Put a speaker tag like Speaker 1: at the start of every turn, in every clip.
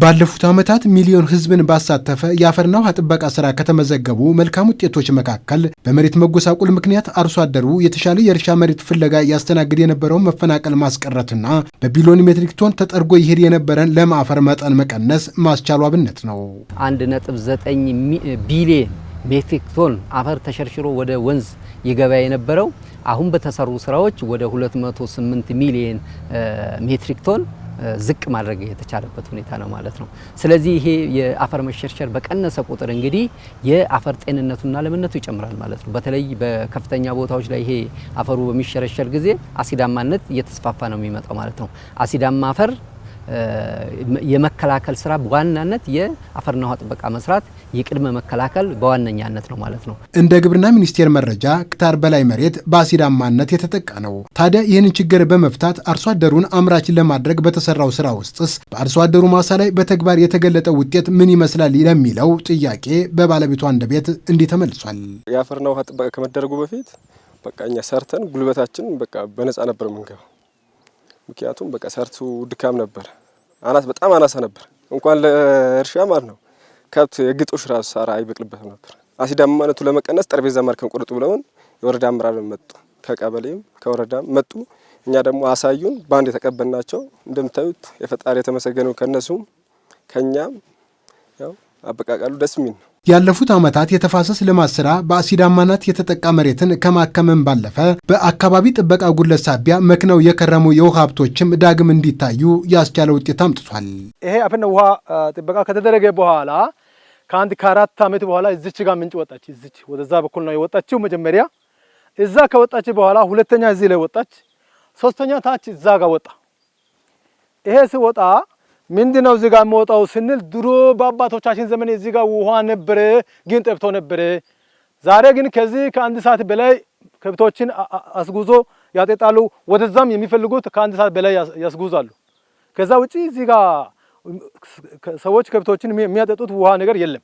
Speaker 1: ባለፉት ዓመታት ሚሊዮን ህዝብን ባሳተፈ የአፈርና ውሃ ጥበቃ ስራ ከተመዘገቡ መልካም ውጤቶች መካከል በመሬት መጎሳቁል ምክንያት አርሶ አደሩ የተሻለ የእርሻ መሬት ፍለጋ ያስተናግድ የነበረውን መፈናቀል ማስቀረትና በቢሊዮን ሜትሪክ ቶን ተጠርጎ ይሄድ የነበረን ለም አፈር መጠን መቀነስ ማስቻሉ አብነት ነው።
Speaker 2: ዘጠኝ ቢሊዮን ሜትሪክ ቶን አፈር ተሸርሽሮ ወደ ወንዝ ይገባ የነበረው አሁን በተሰሩ ስራዎች ወደ 28 ሚሊዮን ሜትሪክ ቶን ዝቅ ማድረግ የተቻለበት ሁኔታ ነው ማለት ነው። ስለዚህ ይሄ የአፈር መሸርሸር በቀነሰ ቁጥር እንግዲህ የአፈር ጤንነቱና ለምነቱ ይጨምራል ማለት ነው። በተለይ በከፍተኛ ቦታዎች ላይ ይሄ አፈሩ በሚሸረሸር ጊዜ አሲዳማነት እየተስፋፋ ነው የሚመጣው ማለት ነው። አሲዳማ አፈር የመከላከል ስራ በዋናነት የአፈርና ውሃ ጥበቃ መስራት የቅድመ መከላከል በዋነኛነት ነው ማለት ነው።
Speaker 1: እንደ ግብርና ሚኒስቴር መረጃ ክታር በላይ መሬት በአሲዳማነት የተጠቃ ነው። ታዲያ ይህንን ችግር በመፍታት አርሶ አደሩን አምራችን ለማድረግ በተሰራው ስራ ውስጥስ በአርሶ አደሩ ማሳ ላይ በተግባር የተገለጠ ውጤት ምን ይመስላል ለሚለው ጥያቄ በባለቤቷ አንድ ቤት እንዲህ ተመልሷል።
Speaker 3: የአፈርና ውሃ ጥበቃ ከመደረጉ በፊት በቃ እኛ ሰርተን ጉልበታችን በቃ በነጻ ነበር ምንገባው ምክንያቱም በቃ ሰርቱ ድካም ነበር። አናት በጣም አናሳ ነበር፣ እንኳን ለእርሻ ማለት ነው። ከብት የግጦሽ ራሱ ሳራ አይበቅልበትም ነበር። አሲዳማነቱ ለመቀነስ ጠረጴዛ ማርከን ቁርጡ ብለውን የወረዳ አመራር መጡ፣ ከቀበሌም ከወረዳም መጡ። እኛ ደግሞ አሳዩን፣ በአንድ የተቀበልናቸው። እንደምታዩት የፈጣሪ የተመሰገነው ከእነሱም ከእኛም ያው አበቃቀሉ ደስ የሚል ነው።
Speaker 1: ያለፉት ዓመታት የተፋሰስ ልማት ስራ በአሲዳማነት የተጠቃ መሬትን ከማከመም ባለፈ በአካባቢ ጥበቃ ጉድለት ሳቢያ መክነው የከረሙ የውሃ ሀብቶችም ዳግም እንዲታዩ ያስቻለ ውጤት አምጥቷል።
Speaker 3: ይሄ አፈነ ውሃ ጥበቃ ከተደረገ በኋላ ከአንድ ከአራት ዓመት በኋላ እዚች ጋር ምንጭ ወጣች። እዚች ወደዛ በኩል ነው የወጣችው መጀመሪያ። እዛ ከወጣች በኋላ ሁለተኛ እዚህ ላይ ወጣች፣ ሶስተኛ ታች እዛ ጋር ወጣ። ይሄ ሲወጣ ምንድን ነው እዚህ ጋር የምወጣው ስንል ድሮ በአባቶቻችን ዘመን እዚህ ጋር ውሃ ነበረ፣ ግን ጠብቶ ነበረ። ዛሬ ግን ከዚህ ከአንድ ሰዓት በላይ ከብቶችን አስጉዞ ያጠጣሉ። ወደዛም የሚፈልጉት ከአንድ ሰዓት በላይ ያስጉዛሉ። ከዛ ውጪ እዚህ ጋር ሰዎች ከብቶችን የሚያጠጡት ውሃ ነገር የለም።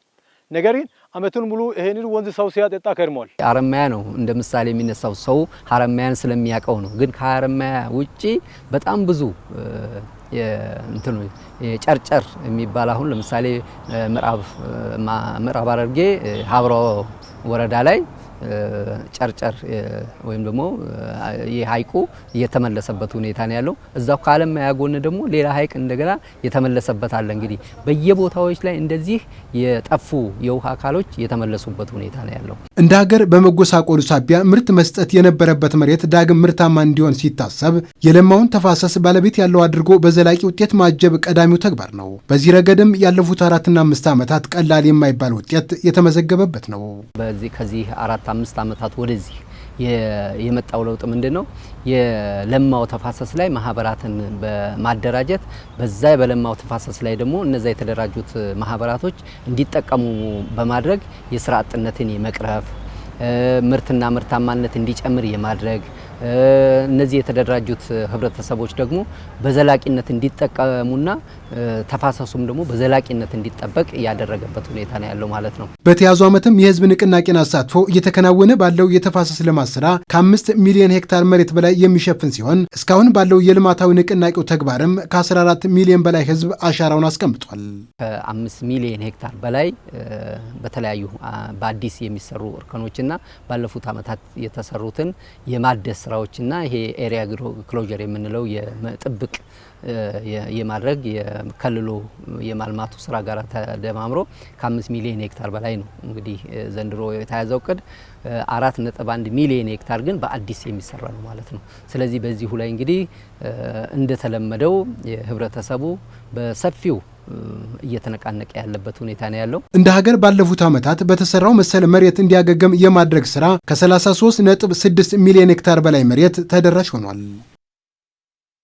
Speaker 3: ነገር ግን አመቱን ሙሉ ይሄንን ወንዝ ሰው ሲያጠጣ ከርሟል።
Speaker 2: ሀረማያ ነው እንደ ምሳሌ የሚነሳው ሰው ሀረማያን ስለሚያውቀው ነው። ግን ከሀረማያ ውጪ በጣም ብዙ ጨርጨር የሚባል አሁን ለምሳሌ ምዕራብ ሐረርጌ ሀብሮ ወረዳ ላይ ጨርጨር ወይም ደግሞ ሀይቁ እየተመለሰበት ሁኔታ ነው ያለው። እዛው ከአለማያ ጎን ደግሞ ሌላ ሀይቅ እንደገና የተመለሰበት አለ። እንግዲህ በየቦታዎች ላይ እንደዚህ የጠፉ የውሃ አካሎች የተመለሱበት ሁኔታ ነው ያለው።
Speaker 1: እንደ ሀገር በመጎሳቆሉ ሳቢያ ምርት መስጠት የነበረበት መሬት ዳግም ምርታማ እንዲሆን ሲታሰብ የለማውን ተፋሰስ ባለቤት ያለው አድርጎ በዘላቂ ውጤት ማጀብ ቀዳሚው ተግባር ነው። በዚህ ረገድም ያለፉት አራትና አምስት ዓመታት ቀላል የማይባል ውጤት የተመዘገበበት ነው።
Speaker 2: በዚህ ከዚህ አራት አምስት ዓመታት ወደዚህ የመጣው ለውጥ ምንድን ነው? የለማው ተፋሰስ ላይ ማህበራትን በማደራጀት በዛ በለማው ተፋሰስ ላይ ደግሞ እነዛ የተደራጁት ማህበራቶች እንዲጠቀሙ በማድረግ የስራ አጥነትን የመቅረፍ ምርትና ምርታማነት እንዲጨምር የማድረግ እነዚህ የተደራጁት ህብረተሰቦች ደግሞ በዘላቂነት እንዲጠቀሙና ተፋሰሱም ደግሞ በዘላቂነት እንዲጠበቅ ያደረገበት ሁኔታ ነው ያለው ማለት ነው።
Speaker 1: በተያዙ ዓመትም የህዝብ ንቅናቄን አሳትፎ እየተከናወነ ባለው የተፋሰስ ልማት ስራ ከአምስት ሚሊዮን ሄክታር መሬት በላይ የሚሸፍን ሲሆን እስካሁን ባለው የልማታዊ ንቅናቄው ተግባርም ከ14 ሚሊዮን በላይ ህዝብ አሻራውን አስቀምጧል።
Speaker 2: ከአምስት ሚሊዮን ሄክታር በላይ በተለያዩ በአዲስ የሚሰሩ እርከኖችና ባለፉት ዓመታት የተሰሩትን የማደስ ስራዎችና ይሄ ኤሪያ ክሎዥር የምንለው የጥብቅ የማድረግ ከልሎ የማልማቱ ስራ ጋር ተደማምሮ ከአምስት ሚሊዮን ሄክታር በላይ ነው እንግዲህ ዘንድሮ የተያዘው እቅድ አራት ነጥብ አንድ ሚሊዮን ሄክታር ግን በአዲስ የሚሰራ ነው ማለት ነው። ስለዚህ በዚሁ ላይ እንግዲህ እንደተለመደው የህብረተሰቡ በሰፊው እየተነቃነቀ ያለበት ሁኔታ ነው ያለው።
Speaker 1: እንደ ሀገር ባለፉት ዓመታት በተሰራው መሰል መሬት እንዲያገገም የማድረግ ስራ ከ33 ነጥብ 6 ሚሊዮን ሄክታር በላይ መሬት ተደራሽ ሆኗል።